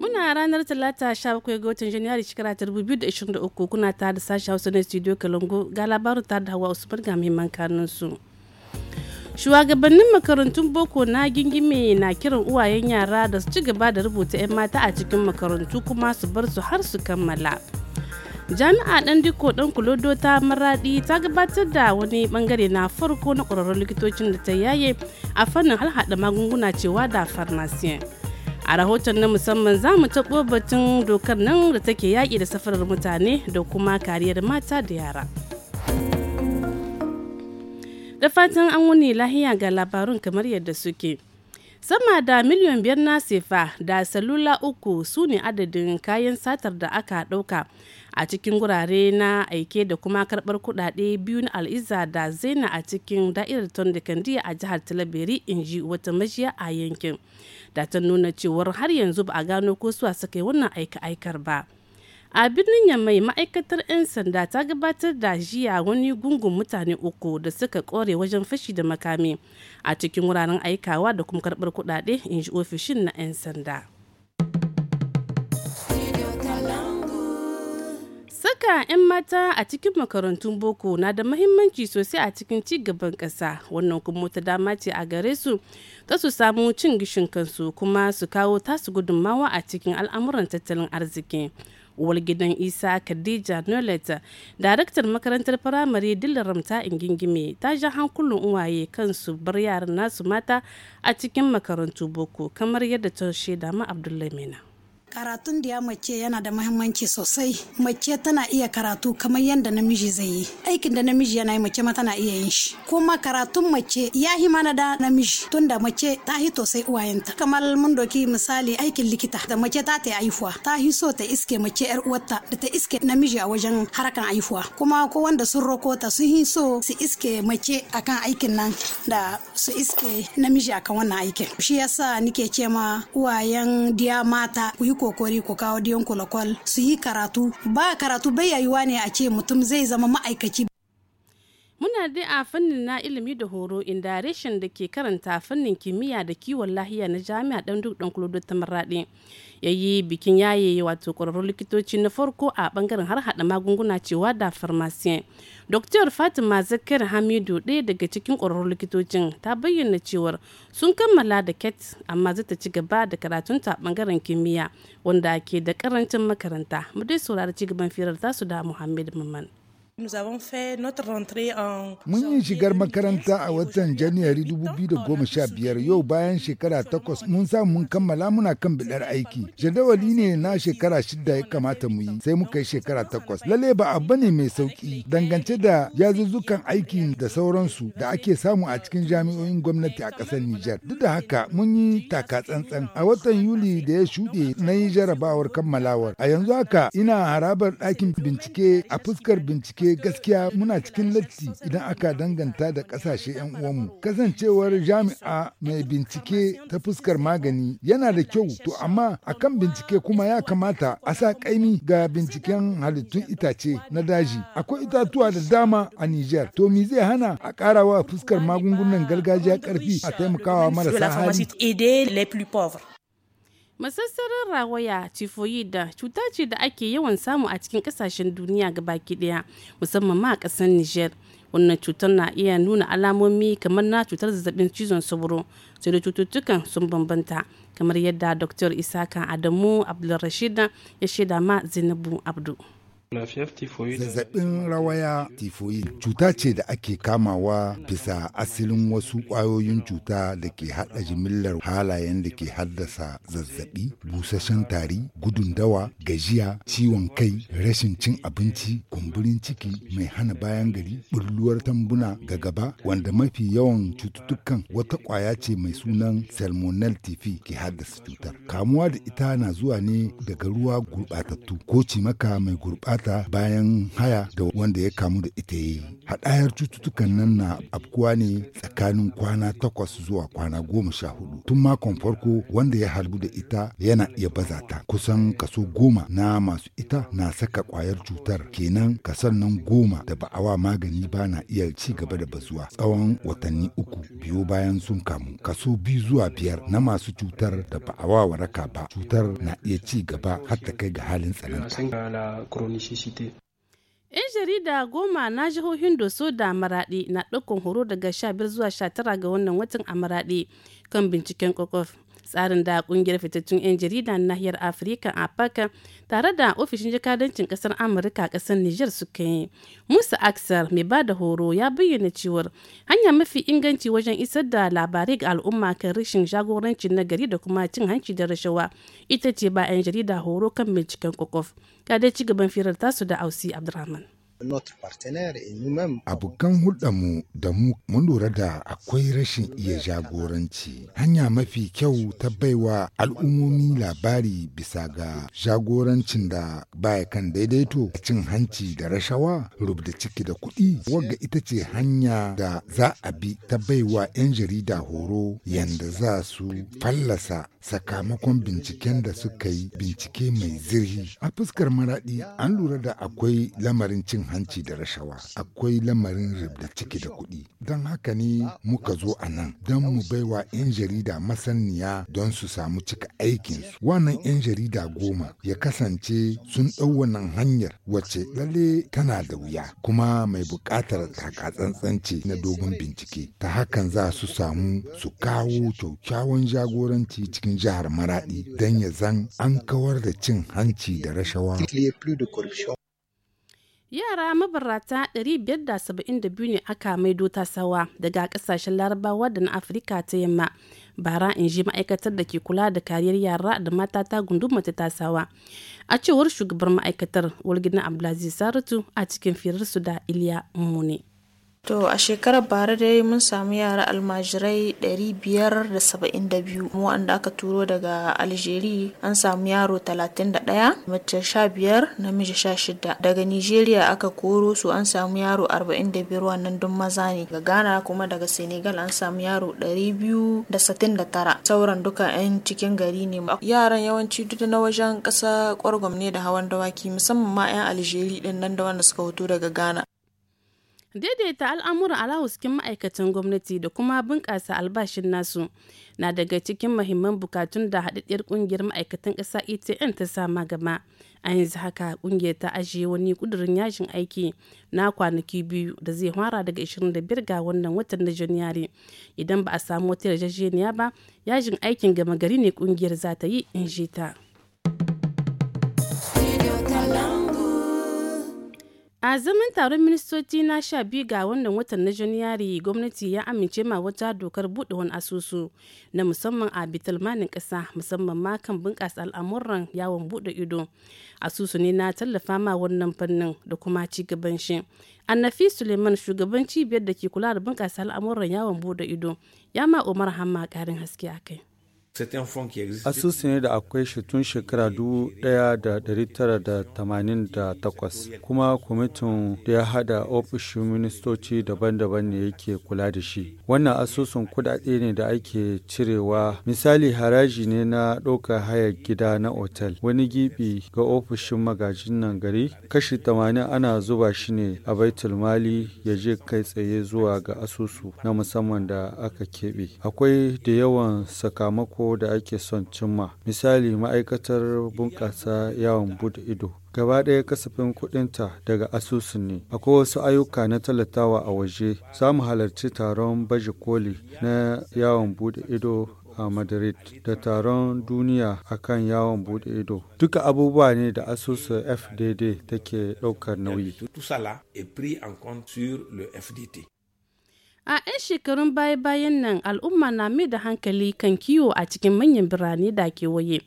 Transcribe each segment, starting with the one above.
Muna ranar Talata 17 ga watan Janairu shekara 2023 kuna tare da sashi Hausa na Studio Kalungu ga labarin tare da Hawa Usman ga muhimman kanunsu. shugabannin makarantun boko na gingime na kiran uwayen yara da su ci gaba da rubuta 'yan mata a cikin makarantu kuma su bar su har su kammala jami'a dan diko dan kulodo ta maradi ta gabatar da wani bangare na farko na kwararrun likitocin da ta yaye a fannin halhaɗa magunguna cewa da farmasiyan a rahoton na musamman za mu taɓo batun dokar nan da take yaƙi da safarar mutane da kuma kariyar mata da yara da fatan an wuni lahiya ga labarun kamar yadda suke sama da miliyan biyar na sefa da salula uku su ne adadin kayan satar da aka ɗauka a cikin gurare na aike da kuma karɓar kuɗaɗe biyu na al'iza da zaina a cikin da'irar tondikandiya a jihar talabiri in ji wata majiya a yankin da ta nuna cewar har yanzu ba a gano ko suwa suka yi wannan aika-aikar ba. a birnin yamai ma'aikatar 'yan sanda ta gabatar da jiya wani gungun mutane uku da suka kore wajen fashi da makami a cikin wuraren aikawa da kuma karbar kudade in ji ofishin na 'yan sanda saka 'yan mata a cikin makarantun boko na da mahimmanci sosai a cikin ci gaban ƙasa wannan kuma wata dama ce a gare su ta su samu cin gishin kansu kuma su kawo tasu gudunmawa a cikin al'amuran tattalin arziki. uwar gidan isa khadija nolet daraktar makarantar firamare dillaram ta ingingime ta ji hankulin uwaye kan su bar yaran nasu mata a cikin makarantu boko kamar yadda ta shaida ma abdullahi mena karatun da ya mace yana da mahimmanci sosai mace tana iya karatu kamar yadda namiji zai yi aikin da namiji yana yi mace ma tana iya yin shi kuma karatun mace ya hi mana da namiji tunda mace ta hi sosai uwayenta kamar mun doki misali aikin likita da mace ta ta haihuwa ta hi so ta iske mace yar uwarta da ta iske namiji a wajen harkan haihuwa kuma ko wanda sun roko ta sun yi so su iske mace akan aikin nan da su iske namiji akan wannan aikin shi yasa nike ce ma uwayen diya mata ku yi kokori ku kawo diyan kulakwal su yi karatu ba karatu bai yayuwa ne a ce mutum zai zama ma'aikaci muna dai a fannin na ilimi da horo inda reshen da ke karanta fannin kimiyya da kiwon lahiya na jami'a ɗan duk dan kulo ta maraɗi ya yi bikin yaye wato kwararrun likitoci na farko a bangaren har hada magunguna cewa da farmasiyan dr fatima zakir hamidu ɗaya daga cikin kwararrun likitocin ta bayyana cewar sun kammala da ket amma zata ci gaba da karatunta a bangaren kimiyya wanda ke da karancin makaranta mu dai saurari ci gaban firar tasu da muhammad mamman Mun yi shigar makaranta a watan Janairu 2015 yau bayan shekara takwas mun samu mun kammala muna kan bidar aiki. Jadawali ne na shekara shida ya kamata mu yi sai muka yi shekara takwas. Lalle ba abu ne mai sauki dangance da yazuzzukan aiki da sauransu da ake samu a cikin jami'o'in gwamnati a ƙasar Nijar. Duk da haka mun yi taka tsantsan. A watan Yuli da ya shuɗe na yi jarabawar kammalawar. A yanzu haka ina harabar ɗakin bincike a fuskar bincike dai gaskiya muna cikin latti idan aka danganta da kasashe 'yan uwanmu. Kasancewar jami'a mai bincike ta fuskar magani yana da kyau to amma akan bincike kuma ya kamata a sa kaimi ga binciken halittun itace na daji. Akwai itatuwa da dama a niger To me zai hana a karawa fuskar magungunan gargajiya karfi a taimakawa marasa hali. masassarar rawaya tifoyi da cuta ce da ake yawan samu a cikin kasashen duniya baki daya musamman ma a kasar niger wannan cutar na iya nuna alamomi kamar na cutar zazzabin cizon sauro sai da cututtukan sun bambanta kamar yadda dr isaka adamu abdulrashida ya shaida ma zainabu abdu Euh, Zazzabin rawaya tifoyi. cuta ce da ake kamawa bisa asalin wasu ƙwayoyin cuta da ke haɗa jimillar halayen da ke haddasa zazzaɓi, busasshen tari, gudun dawa, gajiya, ciwon kai, rashin cin abinci, kumburin ciki mai hana bayan gari, ɓulluwar tambuna ga gaba, wanda mafi yawan cututtukan wata ƙwaya ce mai sunan salmonel tifi ke haddasa cutar. Kamuwa da ita na zuwa ne daga ruwa gurɓatattu ko cimaka mai gurɓata bata bayan haya da wanda ya kamu da ita yi. Haɗayar cututtukan nan na afkuwa ne tsakanin kwana takwas zuwa kwana goma sha hudu. Tun makon farko wanda ya harbu da ita yana iya baza ta. Kusan kaso goma na masu ita na saka kwayar cutar kenan kasan nan goma da ba'awa magani ba na iya ci gaba da bazuwa tsawon watanni uku biyu bayan sun kamu. Kaso biyu zuwa biyar na masu cutar da ba'awa waraka ba cutar na iya ci gaba har ta kai ga halin tsananta. necessité. 'Yan jarida goma na jihohin Doso da Maraɗi na ɗaukan horo daga 15 zuwa 19 ga wannan watan a Maraɗi kan binciken kwakwaf. tsarin da kungiyar fitattun 'yan jarida na nahiyar afirka apaka tare da ofishin jakadancin kasar amurka kasar niger suka yi musa aksar mai ba da horo ya bayyana cewar hanya mafi inganci wajen isar da labarai ga al'umma kan rashin jagorancin nagari da kuma cin hanci da rashawa ita ce ba 'yan jarida horo kan binciken kokof ga dai ci gaban firar tasu da ausi abdulrahman Abokan hulɗarmu da mu mun lura da akwai rashin iya jagoranci. Hanya mafi kyau ta baiwa al'ummomi labari bisa ga jagorancin da baya kan daidaito cin hanci da rashawa rubda ciki da kuɗi wagga ita ce hanya da za a bi ta baiwa 'yan jarida horo yanda za su fallasa sakamakon binciken da suka yi bincike mai zirhi. A fuskar maraɗi an lura da akwai lamarin cin hanci da rashawa akwai lamarin da ciki da kuɗi don haka ne muka zo a nan don mu baiwa 'yan jarida masaniya don su samu cika aikinsu wannan 'yan jarida goma ya kasance sun ɗau wannan hanyar wacce lalle tana da wuya kuma mai buƙatar kakatsantsanci na dogon bincike ta hakan za su samu su kawo kyakkyawan jagoranci cikin jihar maraɗi don ya zan an kawar da cin hanci da rashawa yara mabarata 572 ne aka maido tasawa daga kasashen larabawa da na afirka ta yamma bara in ji ma'aikatar da ke kula da kariyar yara da mata ta gunduma ta tasawa a cewar shugabar ma'aikatar walgidan abdulaziz saratu a cikin firarsu da iliya mummune To a shekarar bara dai mun samu yara almajirai 572 wanda aka turo daga Aljeri an samu yaro 31 mace 15 namiji 16 daga Nigeria aka koro su an samu yaro 45 wannan don maza ne daga Ghana kuma daga Senegal an samu yaro 269 sauran duka 'yan cikin gari ne yaran yawanci duk na wajen ƙasa kwargwam ne da hawan dawaki musamman ma 'yan Aljeri din nan da wanda suka hoto daga Ghana. daidaita al'amuran alawuskin ma'aikatan gwamnati da kuma bunƙasa albashin nasu na daga cikin mahimman bukatun da haɗaɗɗiyar ƙungiyar ma'aikatan ƙasa etn ta sama gama. a yanzu haka ƙungiyar ta ajiye wani ƙudurin yashin aiki na kwanaki biyu da zai fara daga 25 ga wannan watan na janairu idan ba a samu wata yarjejeniya ba yajin aikin gama gari ne ƙungiyar za ta yi in ta. a zaman taron ministoci na sha biyu ga wannan watan na janairu gwamnati ya amince ma wata dokar buɗe wani asusu na musamman a bitalmanin ƙasa musamman ma kan bunƙasa al'amuran yawon buɗe ido asusu ne na tallafa ma wannan fannin da kuma ci gaban shi annafi suleiman shugaban cibiyar da ke kula da bunƙasa al'amuran yawon buɗe ido ya ma umar hamma ƙarin haske a kai Asusun da akwai shi tun shekara dubu da da tamanin 1988 kuma kwamitin da ya hada ofishin ministoci daban-daban ne yake kula da shi. Wannan asusun kudade ne da ake cirewa misali haraji ne na ɗaukar hayar gida na otal wani gibi ga ofishin magajin nan gari kashi tamanin ana zuba shi ne a baitul mali ya je kai tsaye zuwa ga asusu na musamman da aka keɓe. Akwai da yawan sakamako da ake son cimma misali ma'aikatar bunƙasa yawon bude ido gaba ɗaya kasafin kuɗinta daga asusun ne akwai wasu ayyuka na talatawa a waje za mu halarci taron baje koli na yawon bude ido a madrid da taron duniya akan yawon bude ido duka abubuwa ne da asusu fdd take ɗaukar nauyi A 'yan shekarun baya-bayan nan al'umma na mai da hankali kan kiwo a cikin manyan birane da kewaye.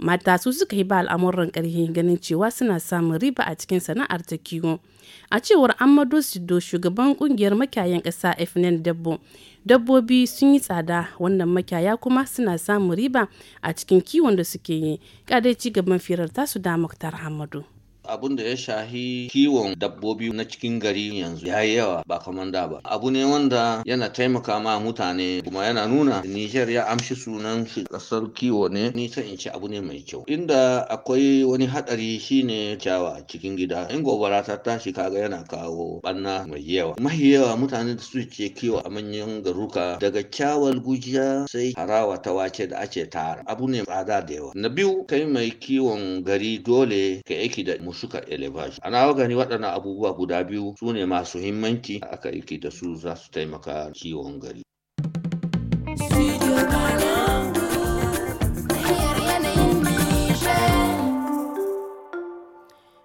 Mata su suka yi ba al'amuran ƙarfi ganin cewa suna samun riba a cikin sana'ar ta kiwo. A cewar Amadu Sido shugaban kungiyar makayan ƙasa FNN Dabbo, dabbobi sun yi tsada wannan makaya kuma suna samun riba a cikin kiwon da suke yi. Kadai ci gaban firar tasu da Muktar Hamadu. abun da ya shahi kiwon dabbobi na cikin gari yanzu ya yi yawa ba kamar da ba abu ne wanda yana taimaka ma mutane kuma yana nuna Nijar ya amshi sunan shi kasar kiwo ne ni in ce abu ne mai kyau inda akwai wani hadari shine kyawa cikin gida in gobara ta tashi kaga yana kawo banna mai yawa mahi yawa mutane da su ce kiwo a manyan garuka daga kyawar gujiya sai harawa ta wace da ake tara abu ne tsada da yawa na biyu kai mai kiwon gari dole ka aiki da suka eleva shi ana gani waɗannan abubuwa guda biyu su ne masu himmanci aka aiki da su za su taimaka ciwon gari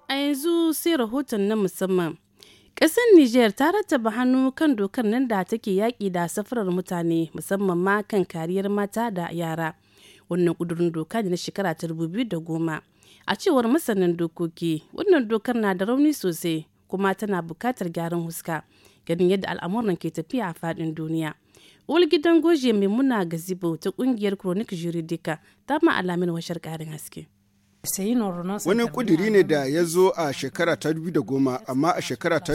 a yanzu sai rahoton na musamman Ƙasar Nijar ta rattaba hannu kan dokar nan da take yaƙi da safarar mutane musamman ma kan kariyar mata da yara. Wannan ƙudurin doka ne na shekara ta goma. a cewar masanin dokoki wannan dokar na da rauni sosai kuma tana bukatar gyaran huska ganin yadda al'amuran ke tafiya a faɗin duniya uwar gidan goje mai muna gazibo ta kungiyar chronic juridica ta ma alamin washar karin haske Wani ƙudiri ne da ya zo a shekara ta goma amma a shekara ta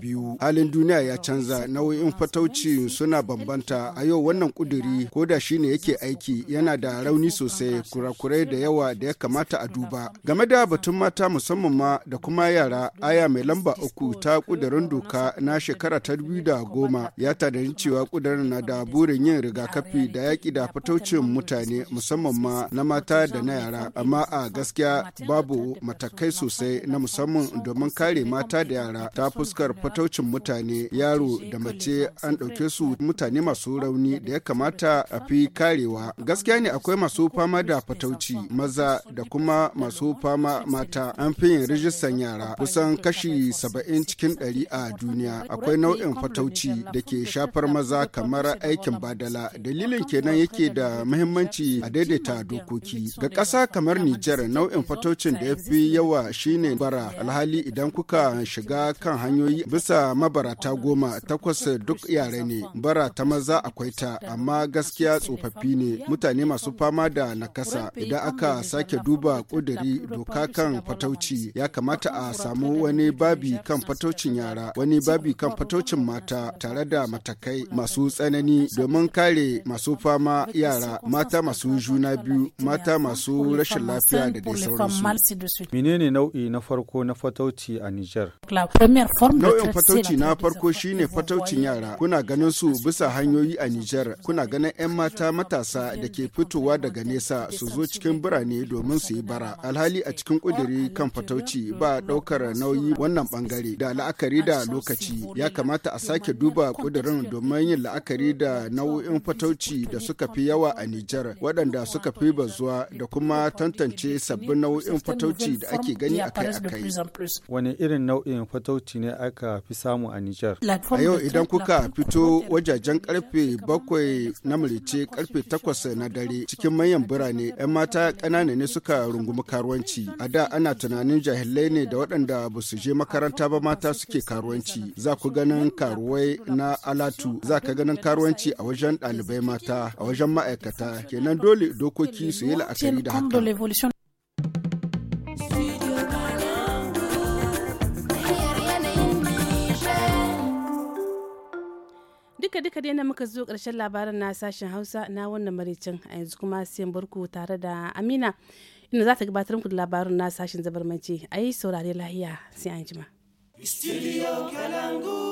biyu halin duniya ya canza nau'in fatauci suna bambanta a yau wannan kudiri ko da shi ne yake aiki yana da rauni sosai kurakurai da yawa da ya kamata a duba. Game da batun mata musamman ma da kuma yara aya mai lamba uku ta ƙudirin doka na shekara ta goma ya tadani cewa kudirin na da burin yin rigakafi da yaki da fataucin mutane musamman ma na mata da na yara. amma a gaskiya babu matakai sosai na musamman domin kare mata da yara ta fuskar fataucin mutane yaro da mace an ɗauke su mutane masu rauni da ya kamata a fi karewa gaskiya ne akwai masu fama da fatauci maza da kuma masu fama mata an fi yin rijistan yara kusan kashi saba'in cikin ɗari a duniya akwai nau'in fatauci da ke shafar maza kamar aikin badala dalilin kenan yake da muhimmanci a daidaita dokoki ga ƙasa kamar Nijar nau'in fatocin da ya fi yawa shine bara alhali idan kuka shiga kan hanyoyi bisa mabarata goma takwas duk yare ne bara ta maza akwai ta amma gaskiya tsofaffi ne mutane masu fama da nakasa idan aka sake duba kuduri doka kan fatauci ya kamata a samu wani babi kan fataucin yara wani babi kan fataucin mata tare da matakai masu tsanani domin kare masu fama yara mata masu juna biyu mata masu rashin rashin lafiya da dai sauransu. Menene nau'i na farko na fatauci a Nijar? Nau'in fatauci na farko shine fataucin yara. Kuna ganin su bisa hanyoyi a Nijar, kuna ganin 'yan mata matasa da ke fitowa daga nesa su zo cikin birane domin su yi bara. Alhali a cikin ƙudiri kan fatauci ba ɗaukar nauyi wannan bangare da la'akari da lokaci ya kamata a sake duba ƙudirin domin yin la'akari da nau'in fatauci da suka fi yawa a Nijar waɗanda suka fi bazuwa da kuma tantance sabbin nau'in fatauci da ake gani akai-akai. Wani irin nau'in fatauci ne aka fi samu a Nijar? A yau idan kuka fito wajajen karfe bakwai na mulice karfe takwas na dare cikin manyan birane 'yan mata ƙanana ne suka rungumi karuwanci. A da ana tunanin jahilai ne da waɗanda ba su je makaranta ba mata suke karuwanci. Za ku ganin karuwai na alatu, za ka ganin karuwanci a wajen ɗalibai mata, a wajen ma'aikata. Kenan dole dokoki su yi la'akari da haka. l'évolution. duka duka dai na muka zo ƙarshen labarin na sashen hausa na wannan maricin a yanzu kuma sai barku tare da amina inda za ta gabatar muku da labarin na sashen zabarmanci a yi saurare lahiya sai an jima. Studio Kalangu.